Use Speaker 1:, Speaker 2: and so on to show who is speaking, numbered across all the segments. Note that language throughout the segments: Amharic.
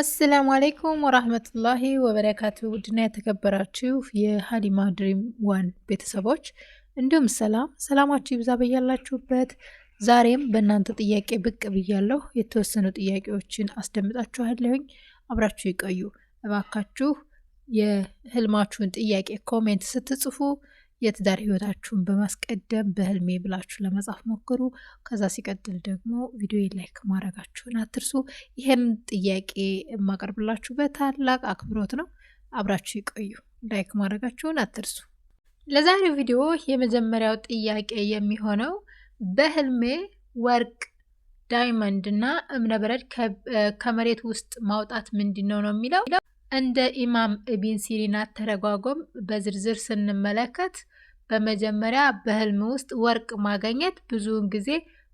Speaker 1: አሰላሙ አሌይኩም ወራህመቱላሂ ወበረካቱ። ውድና የተከበራችሁ የሀሊማ ድሪም ዋን ቤተሰቦች እንዲሁም ሰላም ሰላማችሁ ይብዛ በያላችሁበት። ዛሬም በእናንተ ጥያቄ ብቅ ብያለሁ። የተወሰኑ ጥያቄዎችን አስደምጣችኋለሁኝ። አብራችሁ ይቆዩ እባካችሁ። የህልማችሁን ጥያቄ ኮሜንት ስትጽፉ የትዳር ህይወታችሁን በማስቀደም በህልሜ ብላችሁ ለመጻፍ ሞክሩ። ከዛ ሲቀጥል ደግሞ ቪዲዮ ላይክ ማድረጋችሁን አትርሱ። ይህን ጥያቄ የማቀርብላችሁ በታላቅ አክብሮት ነው። አብራችሁ ይቆዩ። ላይክ ማድረጋችሁን አትርሱ። ለዛሬው ቪዲዮ የመጀመሪያው ጥያቄ የሚሆነው በህልሜ ወርቅ ዳይመንድ እና እብነበረድ ከመሬት ውስጥ ማውጣት ምንድን ነው ነው የሚለው እንደ ኢማም ኢብን ሲሪን አተረጓጎም በዝርዝር ስንመለከት በመጀመሪያ በህልም ውስጥ ወርቅ ማገኘት ብዙውን ጊዜ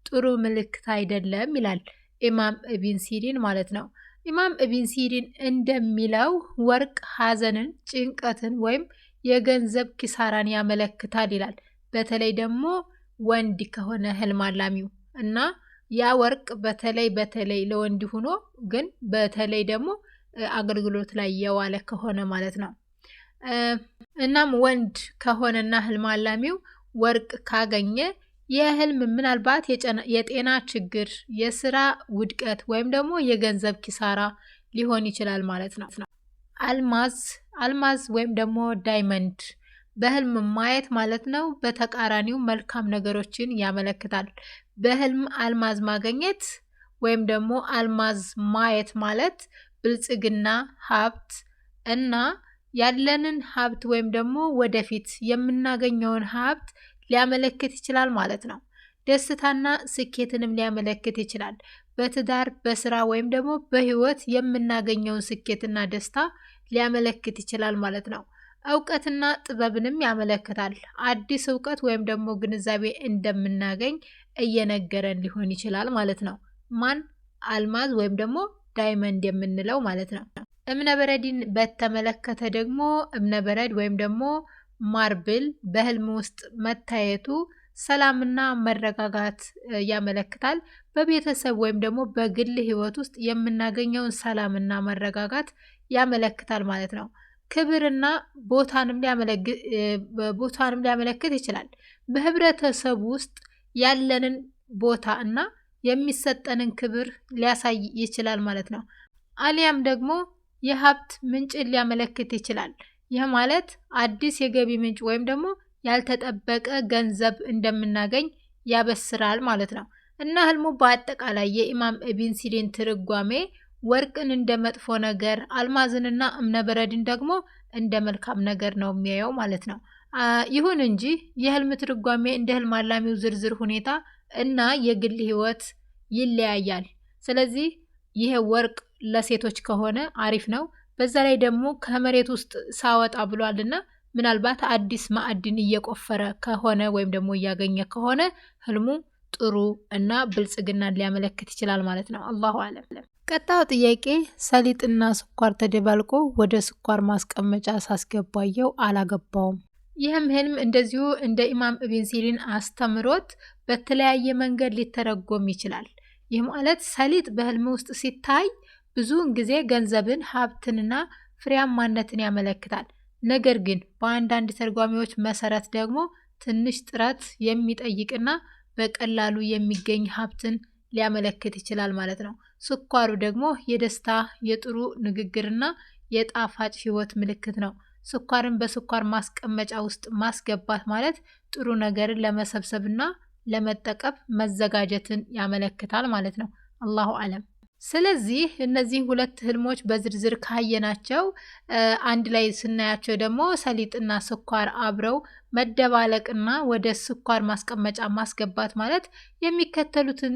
Speaker 1: ጥሩ ምልክት አይደለም ይላል ኢማም ኢብን ሲሪን ማለት ነው። ኢማም ኢብን ሲሪን እንደሚለው ወርቅ ሐዘንን፣ ጭንቀትን ወይም የገንዘብ ኪሳራን ያመለክታል ይላል። በተለይ ደግሞ ወንድ ከሆነ ህልም አላሚው እና ያ ወርቅ በተለይ በተለይ ለወንድ ሆኖ ግን በተለይ ደግሞ አገልግሎት ላይ የዋለ ከሆነ ማለት ነው። እናም ወንድ ከሆነና ህልም አላሚው ወርቅ ካገኘ የህልም ምናልባት የጤና ችግር፣ የስራ ውድቀት ወይም ደግሞ የገንዘብ ኪሳራ ሊሆን ይችላል ማለት ነው። አልማዝ አልማዝ ወይም ደግሞ ዳይመንድ በህልም ማየት ማለት ነው በተቃራኒው መልካም ነገሮችን ያመለክታል። በህልም አልማዝ ማገኘት ወይም ደግሞ አልማዝ ማየት ማለት ብልጽግና፣ ሀብት እና ያለንን ሀብት ወይም ደግሞ ወደፊት የምናገኘውን ሀብት ሊያመለክት ይችላል ማለት ነው። ደስታና ስኬትንም ሊያመለክት ይችላል። በትዳር በስራ ወይም ደግሞ በህይወት የምናገኘውን ስኬትና ደስታ ሊያመለክት ይችላል ማለት ነው። እውቀትና ጥበብንም ያመለክታል። አዲስ እውቀት ወይም ደግሞ ግንዛቤ እንደምናገኝ እየነገረን ሊሆን ይችላል ማለት ነው። ማን አልማዝ ወይም ደግሞ ዳይመንድ የምንለው ማለት ነው። እብነበረድን በተመለከተ ደግሞ እብነበረድ ወይም ደግሞ ማርብል በህልም ውስጥ መታየቱ ሰላምና መረጋጋት ያመለክታል። በቤተሰብ ወይም ደግሞ በግል ህይወት ውስጥ የምናገኘውን ሰላምና መረጋጋት ያመለክታል ማለት ነው። ክብርና ቦታንም ሊያመለክት ይችላል። በህብረተሰብ ውስጥ ያለንን ቦታ እና የሚሰጠንን ክብር ሊያሳይ ይችላል ማለት ነው። አሊያም ደግሞ የሀብት ምንጭን ሊያመለክት ይችላል። ይህ ማለት አዲስ የገቢ ምንጭ ወይም ደግሞ ያልተጠበቀ ገንዘብ እንደምናገኝ ያበስራል ማለት ነው እና ህልሙ በአጠቃላይ የኢማም ኢብን ሲሪን ትርጓሜ ወርቅን እንደ መጥፎ ነገር፣ አልማዝንና እምነበረድን ደግሞ እንደ መልካም ነገር ነው የሚያየው ማለት ነው። ይሁን እንጂ የህልም ትርጓሜ እንደ ህልም አላሚው ዝርዝር ሁኔታ እና የግል ህይወት ይለያያል። ስለዚህ ይሄ ወርቅ ለሴቶች ከሆነ አሪፍ ነው። በዛ ላይ ደግሞ ከመሬት ውስጥ ሳወጣ ብሏል እና ምናልባት አዲስ ማዕድን እየቆፈረ ከሆነ ወይም ደግሞ እያገኘ ከሆነ ህልሙ ጥሩ እና ብልጽግናን ሊያመለክት ይችላል ማለት ነው። አላሁ አለም። ቀጣው ጥያቄ ሰሊጥና ስኳር ተደባልቆ ወደ ስኳር ማስቀመጫ ሳስገባየው አላገባውም። ይህም ህልም እንደዚሁ እንደ ኢማም ኢብን ሲሪን አስተምሮት በተለያየ መንገድ ሊተረጎም ይችላል። ይህ ማለት ሰሊጥ በህልም ውስጥ ሲታይ ብዙውን ጊዜ ገንዘብን፣ ሀብትንና ፍሬያማነትን ያመለክታል። ነገር ግን በአንዳንድ ተርጓሚዎች መሰረት ደግሞ ትንሽ ጥረት የሚጠይቅና በቀላሉ የሚገኝ ሀብትን ሊያመለክት ይችላል ማለት ነው። ስኳሩ ደግሞ የደስታ የጥሩ ንግግርና የጣፋጭ ህይወት ምልክት ነው። ስኳርን በስኳር ማስቀመጫ ውስጥ ማስገባት ማለት ጥሩ ነገርን ለመሰብሰብና ለመጠቀም መዘጋጀትን ያመለክታል ማለት ነው። አላሁ አለም። ስለዚህ እነዚህ ሁለት ህልሞች በዝርዝር ካየናቸው አንድ ላይ ስናያቸው ደግሞ ሰሊጥና ስኳር አብረው መደባለቅና ወደ ስኳር ማስቀመጫ ማስገባት ማለት የሚከተሉትን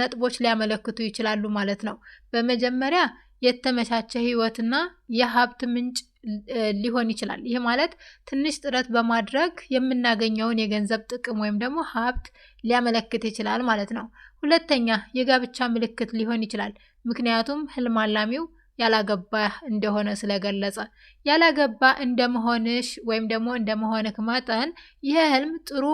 Speaker 1: ነጥቦች ሊያመለክቱ ይችላሉ ማለት ነው። በመጀመሪያ የተመቻቸ ህይወትና የሀብት ምንጭ ሊሆን ይችላል። ይህ ማለት ትንሽ ጥረት በማድረግ የምናገኘውን የገንዘብ ጥቅም ወይም ደግሞ ሀብት ሊያመለክት ይችላል ማለት ነው። ሁለተኛ የጋብቻ ምልክት ሊሆን ይችላል። ምክንያቱም ህልም አላሚው ያላገባ እንደሆነ ስለገለጸ ያላገባ እንደመሆንሽ ወይም ደግሞ እንደመሆንክ መጠን ይህ ህልም ጥሩ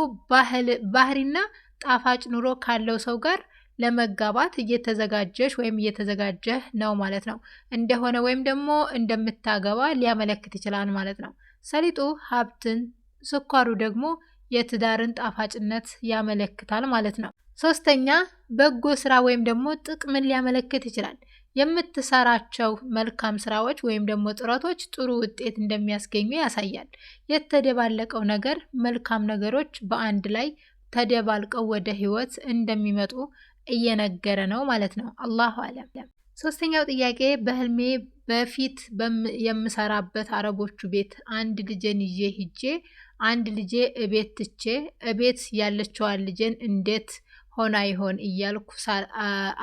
Speaker 1: ባህሪና ጣፋጭ ኑሮ ካለው ሰው ጋር ለመጋባት እየተዘጋጀሽ ወይም እየተዘጋጀ ነው ማለት ነው። እንደሆነ ወይም ደግሞ እንደምታገባ ሊያመለክት ይችላል ማለት ነው። ሰሊጡ ሀብትን፣ ስኳሩ ደግሞ የትዳርን ጣፋጭነት ያመለክታል ማለት ነው። ሶስተኛ በጎ ስራ ወይም ደግሞ ጥቅምን ሊያመለክት ይችላል። የምትሰራቸው መልካም ስራዎች ወይም ደግሞ ጥረቶች ጥሩ ውጤት እንደሚያስገኙ ያሳያል። የተደባለቀው ነገር መልካም ነገሮች በአንድ ላይ ተደባልቀው ወደ ህይወት እንደሚመጡ እየነገረ ነው ማለት ነው። አላሁ አለም። ሶስተኛው ጥያቄ በህልሜ በፊት የምሰራበት አረቦቹ ቤት አንድ ልጄን ይዤ ሂጄ አንድ ልጄ እቤት ትቼ እቤት ያለችዋን ልጄን እንዴት ሆና ይሆን እያልኩ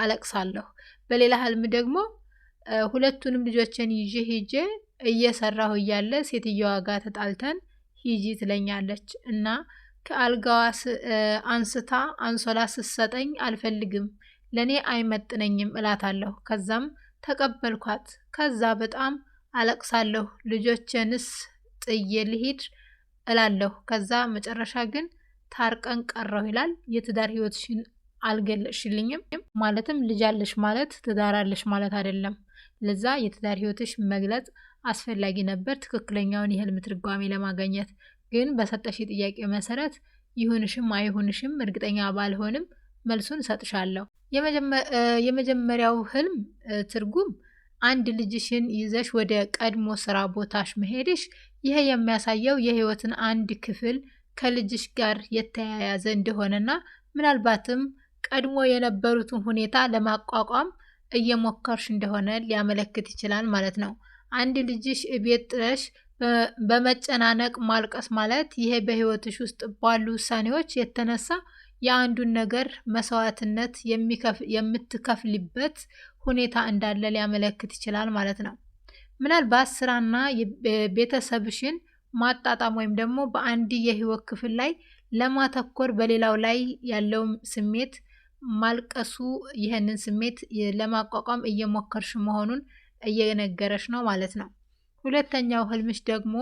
Speaker 1: አለቅሳለሁ። በሌላ ህልም ደግሞ ሁለቱንም ልጆችን ይዤ ሂጄ እየሰራሁ እያለ ሴትየዋ ጋር ተጣልተን ሂጂ ትለኛለች እና ከአልጋዋ አንስታ አንሶላ ስትሰጠኝ አልፈልግም፣ ለእኔ አይመጥነኝም እላታለሁ። ከዛም ተቀበልኳት። ከዛ በጣም አለቅሳለሁ። ልጆቼንስ ጥዬ ልሂድ እላለሁ። ከዛ መጨረሻ ግን ታርቀን ቀረሁ ይላል። የትዳር ህይወትሽን አልገለጽሽልኝም። ማለትም ልጃለሽ ማለት ትዳራለሽ ማለት አይደለም። ለዛ የትዳር ህይወትሽ መግለጽ አስፈላጊ ነበር ትክክለኛውን የህልም ትርጓሜ ለማገኘት ግን በሰጠሽ ጥያቄ መሰረት ይሁንሽም አይሁንሽም እርግጠኛ ባልሆንም መልሱን እሰጥሻለሁ። የመጀመሪያው ህልም ትርጉም አንድ ልጅሽን ይዘሽ ወደ ቀድሞ ስራ ቦታሽ መሄድሽ፣ ይሄ የሚያሳየው የህይወትን አንድ ክፍል ከልጅሽ ጋር የተያያዘ እንደሆነና ምናልባትም ቀድሞ የነበሩትን ሁኔታ ለማቋቋም እየሞከርሽ እንደሆነ ሊያመለክት ይችላል ማለት ነው። አንድ ልጅሽ እቤት ጥለሽ በመጨናነቅ ማልቀስ ማለት ይሄ በህይወትሽ ውስጥ ባሉ ውሳኔዎች የተነሳ የአንዱን ነገር መስዋዕትነት የምትከፍልበት ሁኔታ እንዳለ ሊያመለክት ይችላል ማለት ነው። ምናልባት ስራና ቤተሰብሽን ማጣጣም ወይም ደግሞ በአንድ የህይወት ክፍል ላይ ለማተኮር በሌላው ላይ ያለው ስሜት ማልቀሱ ይህንን ስሜት ለማቋቋም እየሞከርሽ መሆኑን እየነገረሽ ነው ማለት ነው። ሁለተኛው ህልምሽ ደግሞ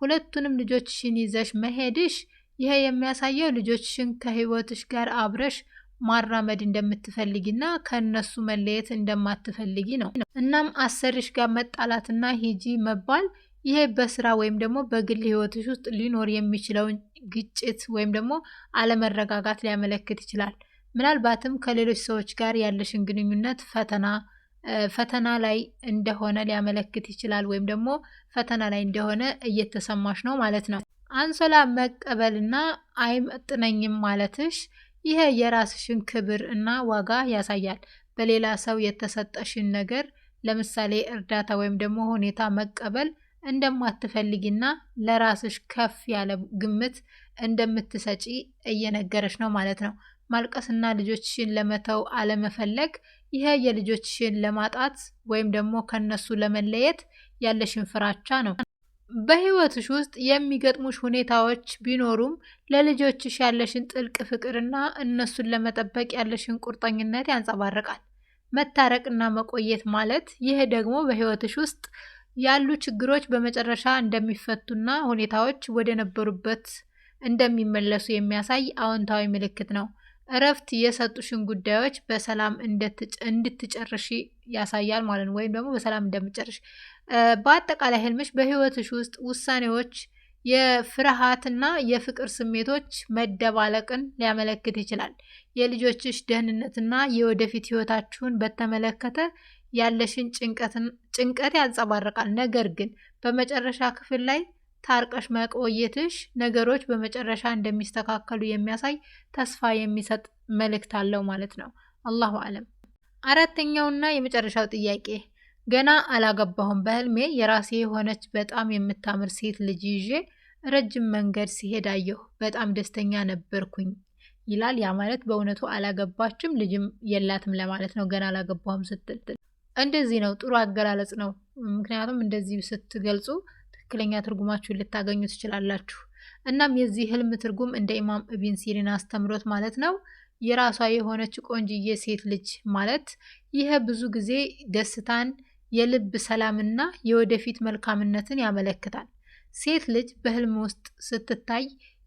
Speaker 1: ሁለቱንም ልጆችሽን ይዘሽ መሄድሽ፣ ይሄ የሚያሳየው ልጆችሽን ከህይወትሽ ጋር አብረሽ ማራመድ እንደምትፈልጊና ከእነሱ መለየት እንደማትፈልጊ ነው። እናም አሰርሽ ጋር መጣላትና ሂጂ መባል ይሄ በስራ ወይም ደግሞ በግል ህይወትሽ ውስጥ ሊኖር የሚችለውን ግጭት ወይም ደግሞ አለመረጋጋት ሊያመለክት ይችላል። ምናልባትም ከሌሎች ሰዎች ጋር ያለሽን ግንኙነት ፈተና ፈተና ላይ እንደሆነ ሊያመለክት ይችላል። ወይም ደግሞ ፈተና ላይ እንደሆነ እየተሰማሽ ነው ማለት ነው። አንሶላ መቀበልና አይመጥነኝም ማለትሽ ይሄ የራስሽን ክብር እና ዋጋ ያሳያል። በሌላ ሰው የተሰጠሽን ነገር ለምሳሌ እርዳታ ወይም ደግሞ ሁኔታ መቀበል እንደማትፈልጊና ለራስሽ ከፍ ያለ ግምት እንደምትሰጪ እየነገረች ነው ማለት ነው። ማልቀስና ልጆችሽን ለመተው አለመፈለግ ይሄ የልጆችሽን ለማጣት ወይም ደግሞ ከነሱ ለመለየት ያለሽን ፍራቻ ነው። በህይወትሽ ውስጥ የሚገጥሙሽ ሁኔታዎች ቢኖሩም ለልጆችሽ ያለሽን ጥልቅ ፍቅርና እነሱን ለመጠበቅ ያለሽን ቁርጠኝነት ያንጸባርቃል። መታረቅና መቆየት ማለት ይህ ደግሞ በህይወትሽ ውስጥ ያሉ ችግሮች በመጨረሻ እንደሚፈቱና ሁኔታዎች ወደ ነበሩበት እንደሚመለሱ የሚያሳይ አዎንታዊ ምልክት ነው። እረፍት የሰጡሽን ጉዳዮች በሰላም እንድትጨርሽ ያሳያል ማለት ነው። ወይም ደግሞ በሰላም እንደምጨርሽ በአጠቃላይ ህልምሽ በህይወትሽ ውስጥ ውሳኔዎች የፍርሃትና የፍቅር ስሜቶች መደባለቅን ሊያመለክት ይችላል። የልጆችሽ ደህንነትና የወደፊት ህይወታችሁን በተመለከተ ያለሽን ጭንቀት ያንጸባርቃል። ነገር ግን በመጨረሻ ክፍል ላይ ታርቀሽ መቆየትሽ ነገሮች በመጨረሻ እንደሚስተካከሉ የሚያሳይ ተስፋ የሚሰጥ መልእክት አለው ማለት ነው። አላሁ አለም። አራተኛውና የመጨረሻው ጥያቄ ገና አላገባሁም። በህልሜ የራሴ የሆነች በጣም የምታምር ሴት ልጅ ይዤ ረጅም መንገድ ሲሄድ አየሁ። በጣም ደስተኛ ነበርኩኝ ይላል። ያ ማለት በእውነቱ አላገባችም ልጅም የላትም ለማለት ነው። ገና አላገባሁም ስትል እንደዚህ ነው። ጥሩ አገላለጽ ነው። ምክንያቱም እንደዚህ ስትገልጹ ትክክለኛ ትርጉማችሁን ልታገኙ ትችላላችሁ። እናም የዚህ ህልም ትርጉም እንደ ኢማም እቢን ሲሪን አስተምሮት ማለት ነው የራሷ የሆነች ቆንጅዬ ሴት ልጅ ማለት ይህ ብዙ ጊዜ ደስታን፣ የልብ ሰላምና የወደፊት መልካምነትን ያመለክታል። ሴት ልጅ በህልም ውስጥ ስትታይ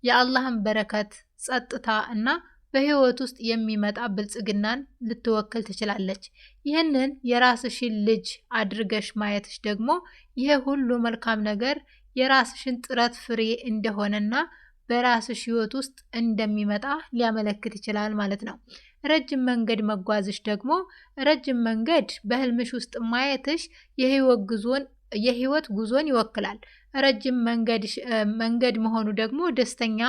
Speaker 1: የአላህን በረከት፣ ጸጥታ እና በህይወት ውስጥ የሚመጣ ብልጽግናን ልትወክል ትችላለች። ይህንን የራስሽን ልጅ አድርገሽ ማየትሽ ደግሞ ይሄ ሁሉ መልካም ነገር የራስሽን ጥረት ፍሬ እንደሆነና በራስሽ ህይወት ውስጥ እንደሚመጣ ሊያመለክት ይችላል ማለት ነው። ረጅም መንገድ መጓዝሽ ደግሞ ረጅም መንገድ በህልምሽ ውስጥ ማየትሽ የህይወት ጉዞን የህይወት ጉዞን ይወክላል። ረጅም መንገድ መሆኑ ደግሞ ደስተኛ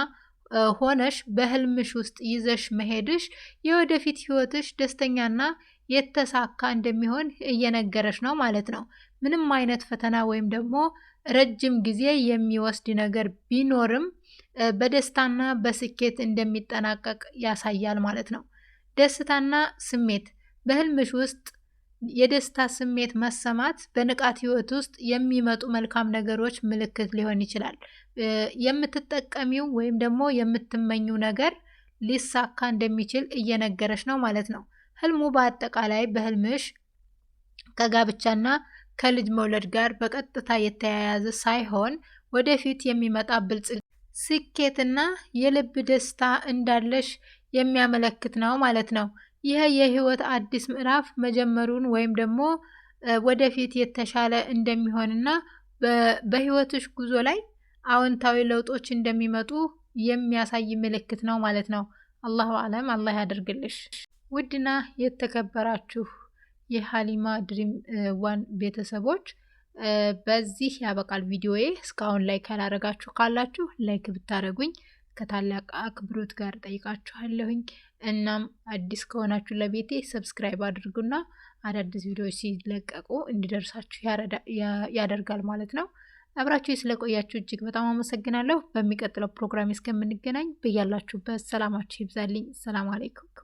Speaker 1: ሆነሽ በህልምሽ ውስጥ ይዘሽ መሄድሽ የወደፊት ህይወትሽ ደስተኛና የተሳካ እንደሚሆን እየነገረሽ ነው ማለት ነው። ምንም አይነት ፈተና ወይም ደግሞ ረጅም ጊዜ የሚወስድ ነገር ቢኖርም በደስታና በስኬት እንደሚጠናቀቅ ያሳያል ማለት ነው። ደስታና ስሜት በህልምሽ ውስጥ የደስታ ስሜት መሰማት በንቃት ህይወት ውስጥ የሚመጡ መልካም ነገሮች ምልክት ሊሆን ይችላል። የምትጠቀሚው ወይም ደግሞ የምትመኙ ነገር ሊሳካ እንደሚችል እየነገረች ነው ማለት ነው። ህልሙ በአጠቃላይ በህልምሽ ከጋብቻና ከልጅ መውለድ ጋር በቀጥታ የተያያዘ ሳይሆን ወደፊት የሚመጣ ብልጽግ ስኬትና የልብ ደስታ እንዳለሽ የሚያመለክት ነው ማለት ነው። ይህ የህይወት አዲስ ምዕራፍ መጀመሩን ወይም ደግሞ ወደፊት የተሻለ እንደሚሆንና በህይወትሽ ጉዞ ላይ አዎንታዊ ለውጦች እንደሚመጡ የሚያሳይ ምልክት ነው ማለት ነው። አላሁ አለም አላህ ያደርግልሽ። ውድና የተከበራችሁ የሀሊማ ድሪም ዋን ቤተሰቦች በዚህ ያበቃል ቪዲዮዬ። እስካሁን ላይክ ያላረጋችሁ ካላችሁ ላይክ ብታደረጉኝ ከታላቅ አክብሮት ጋር ጠይቃችኋለሁኝ። እናም አዲስ ከሆናችሁ ለቤቴ ሰብስክራይብ አድርጉና አዳዲስ ቪዲዮዎች ሲለቀቁ እንዲደርሳችሁ ያደርጋል ማለት ነው። አብራችሁ ስለቆያችሁ እጅግ በጣም አመሰግናለሁ። በሚቀጥለው ፕሮግራም እስከምንገናኝ በያላችሁበት ሰላማችሁ ይብዛልኝ። ሰላም አሌይኩም።